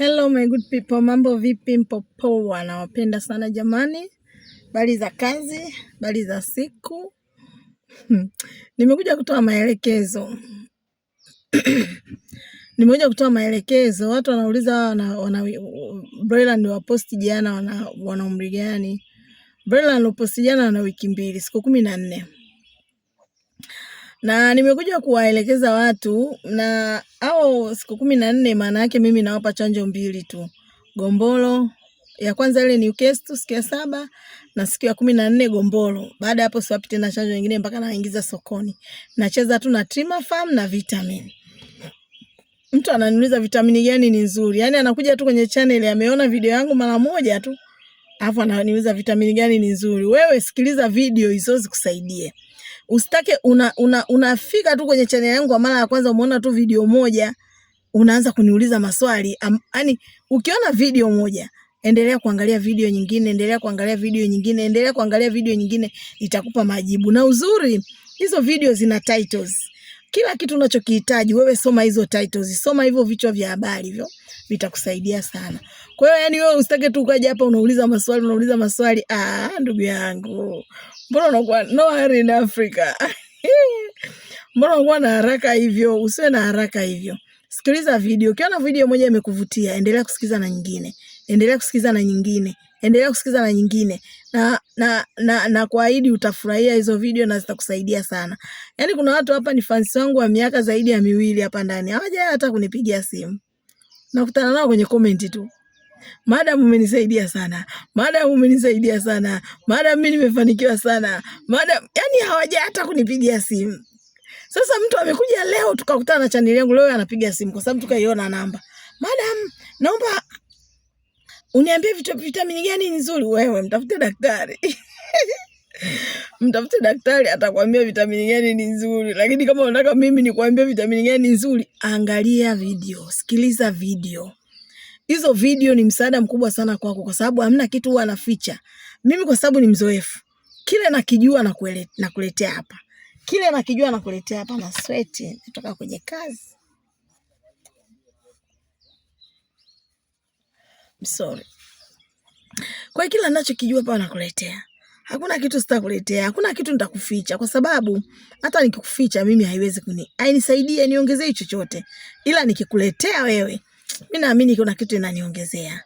Hello my good people, mambo vipi? Mpo poa? Nawapenda sana jamani. Bali za kazi, bali za siku. Nimekuja kutoa maelekezo nimekuja kutoa maelekezo. Watu wanauliza wana, wana, Braylan waposti jana wana, wana umri gani? ni waposti jana wana wiki mbili, siku kumi na nne na nimekuja kuwaelekeza watu na au siku kumi na nne, maana yake mimi nawapa chanjo mbili tu, gombolo ya kwanza ile Newcastle siku ya saba na siku ya kumi na nne gombolo. Baada ya hapo siwapi tena chanjo nyingine mpaka naingiza sokoni. Nacheza tu na Trimafam na vitamin. Mtu ananiuliza vitamini gani ni nzuri, yani anakuja tu kwenye channel ameona video yangu mara moja tu, afu ananiuliza vitamini gani ni nzuri. Wewe sikiliza video hizo zikusaidie usitake una, una, unafika tu kwenye chaneli yangu kwa mara ya kwanza, umeona tu video moja unaanza kuniuliza maswali yani ukiona video moja endelea kuangalia video nyingine, endelea kuangalia video nyingine, endelea kuangalia video nyingine, itakupa majibu. Na uzuri hizo video zina titles kila kitu unachokihitaji wewe, soma hizo titles, soma hivyo vichwa vya habari hivyo, vitakusaidia sana. Kwa hiyo yani wewe usitake tu ukaja hapa unauliza maswali unauliza maswali. Ah, ndugu yangu, mbona unakuwa no hurry in Africa? mbona unakuwa na haraka hivyo? Usiwe na haraka hivyo. Sikiliza video, ukiona video moja imekuvutia endelea kusikiliza na nyingine, endelea kusikiliza na nyingine endelea kusikiza na nyingine na, na, na, na kuahidi utafurahia hizo video na zitakusaidia sana. Yaani kuna watu hapa ni fans wangu wa miaka zaidi ya miwili hapa ndani hawaja hata kunipigia simu, nakutana nao kwenye comment tu, madam umenisaidia sana, madam umenisaidia sana, madam mimi nimefanikiwa sana, madam. Yani hawaja hata kunipigia simu. Sasa mtu amekuja leo tukakutana na chaneli yangu leo, anapiga simu kwa sababu tukaiona namba, madam naomba Uniambie vitamini gani nzuri? Wewe mtafute daktari mtafute daktari atakwambia vitamini gani ni nzuri. Lakini kama unataka mimi nikwambie vitamini gani nzuri, angalia video, sikiliza video. Hizo video ni msaada mkubwa sana kwako, kwa sababu hamna kitu huwa anaficha. mimi, kwa sababu ni mzoefu. Kile nakijua nakuletea hapa, kile nakijua nakuletea hapa, na sweti natoka kwenye kazi sorry. Kwa hiyo kila ninachokijua hapa nakuletea. Hakuna kitu sitakuletea, hakuna kitu nitakuficha kwa sababu hata nikikuficha mimi haiwezi kuni hainisaidie niongezee chochote. Ila nikikuletea wewe, mimi naamini kuna kitu inaniongezea.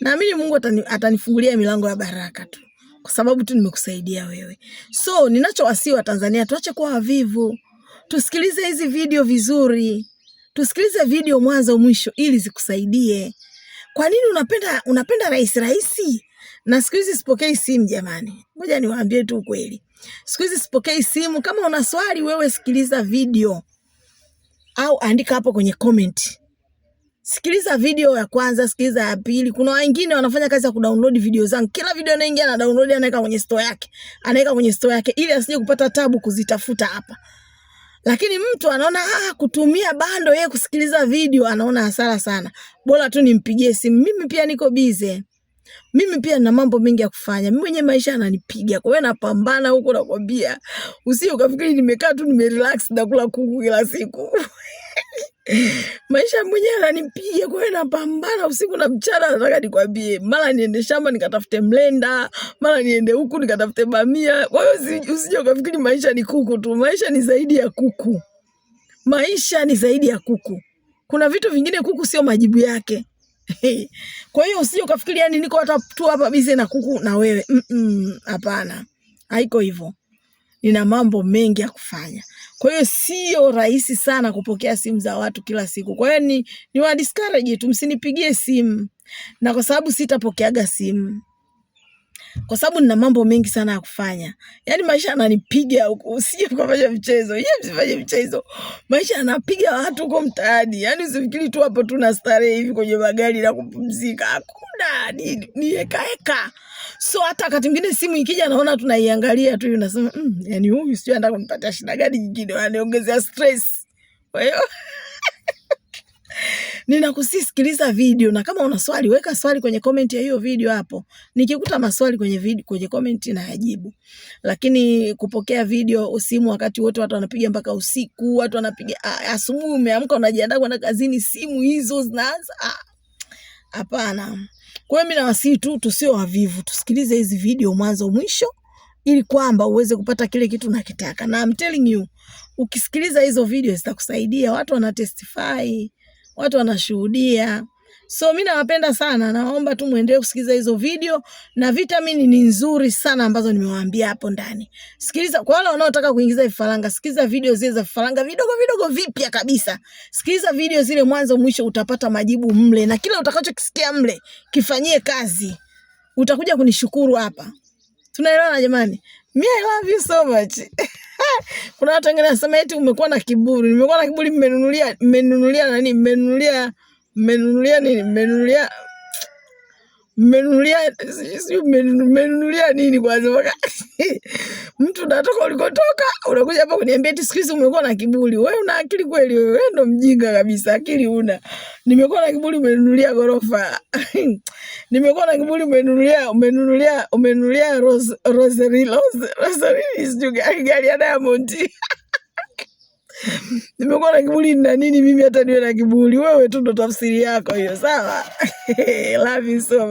Naamini Mungu atani, atanifungulia milango ya baraka tu kwa sababu tu nimekusaidia wewe. So ninachowasihi Watanzania, tuache kuwa wavivu, tusikilize hizi video vizuri, tusikilize video mwanzo mwisho ili zikusaidie. Kwa nini unapenda unapenda rahisi rahisi? Na siku hizi sipokei simu jamani. Ngoja niwaambie tu ukweli. Siku hizi sipokei simu. Kama una swali wewe, sikiliza video au andika hapo kwenye comment. Sikiliza video ya kwanza, sikiliza ya pili. Kuna wengine wanafanya kazi ya kudownload video zangu. Kila video anaingia na download, anaweka kwenye store yake, anaweka kwenye store yake ili asije kupata tabu kuzitafuta hapa. Lakini mtu anaona ah, kutumia bando yeye kusikiliza video anaona hasara sana, bora tu nimpigie simu. Mimi pia niko bize, mimi pia na mambo mengi ya kufanya, mimi mwenyewe maisha ananipiga, kwa hiyo napambana huko, nakwambia, usio ukafikiri nimekaa tu nimerelax nakula kuku kila siku maisha mwenyewe ananipiga, kwa hiyo napambana usiku na mchana. Nataka nikwambie, mara niende shamba nikatafute mlenda, mara niende huku nikatafute bamia. Kwa hiyo usije ukafikiri maisha ni kuku tu, maisha ni zaidi ya kuku. Maisha ni zaidi ya kuku, kuna vitu vingine kuku sio majibu yake. Kwa hiyo usije ukafikiri yani niko hata tu hapa bize na kuku na wewe. Hapana, mm -mm, haiko hivyo nina mambo mengi ya kufanya. Kwa hiyo sio rahisi sana kupokea simu za watu kila siku. Kwa hiyo ni, ni wa discourage tu, msinipigie simu, na kwa sababu sitapokeaga simu kwa sababu nina mambo mengi sana ya kufanya. Yaani maisha yananipiga huku, usije ukafanya mchezo. Yeye yaani msifanye mchezo. Maisha yanapiga watu huko mtaani. Yaani usifikiri tu hapo tu na starehe hivi kwenye magari na kupumzika. Hakuna, ni, ni heka heka. So hata wakati mwingine simu ikija naona tunaiangalia tu unasema, mm, yani huyu sio anataka kunipatia shida gani nyingine, aniongezea stress. Kwa hiyo Ninakusii video, na kama una swali weka swali kwenye komenti ya hiyo video hapo. Nikikuta maswali kwenye video, kwenye komenti na nayajibu. Lakini kupokea video simu wakati wote, watu wanapiga mpaka usiku, watu wanapiga asubuhi, umeamka unajiandaa kwenda kazini, simu hizo zinaanza. Hapana. Kwa hiyo mimi nawasihi tu tusio wavivu, tusikilize hizi video mwanzo mwisho ili kwamba uweze kupata kile kitu unakitaka. Na I'm telling you, ukisikiliza hizo video zitakusaidia. Watu wana testify watu wanashuhudia. So mi nawapenda sana, naomba tu mwendelee kusikiliza hizo video na vitamini ni nzuri sana ambazo nimewaambia hapo ndani. Sikiliza kwa wale wanaotaka kuingiza vifaranga, sikiliza video zile za vifaranga vidogo vidogo vipya kabisa. Sikiliza video zile mwanzo mwisho, utapata majibu mle, na kila utakachokisikia mle kifanyie kazi, utakuja kunishukuru hapa. Tunaelewana jamani? Me, I love you so much. Kuna watu wengine nasema eti umekuwa na kiburi, nimekuwa na kiburi, mmenunulia mmenunulia nani, mmenunulia mmenunulia nini, mmenunulia mmenunulia si mmenunulia nini kwanza, mpaka mtu unatoka ulikotoka unakuja hapa kuniambia eti siku hizi umekuwa na kiburi. Wewe una akili kweli? Wewe ndo mjinga kabisa, akili una. Nimekuwa na kiburi, umenunulia ghorofa nimekuwa na kiburi, umenunulia umenunulia umenunulia rose rosary rosary sijui gari ya Diamond nimekuwa na kiburi na nini mimi, hata niwe na kiburi? Wewe tu ndo tafsiri yako hiyo, sawa. Love you so much.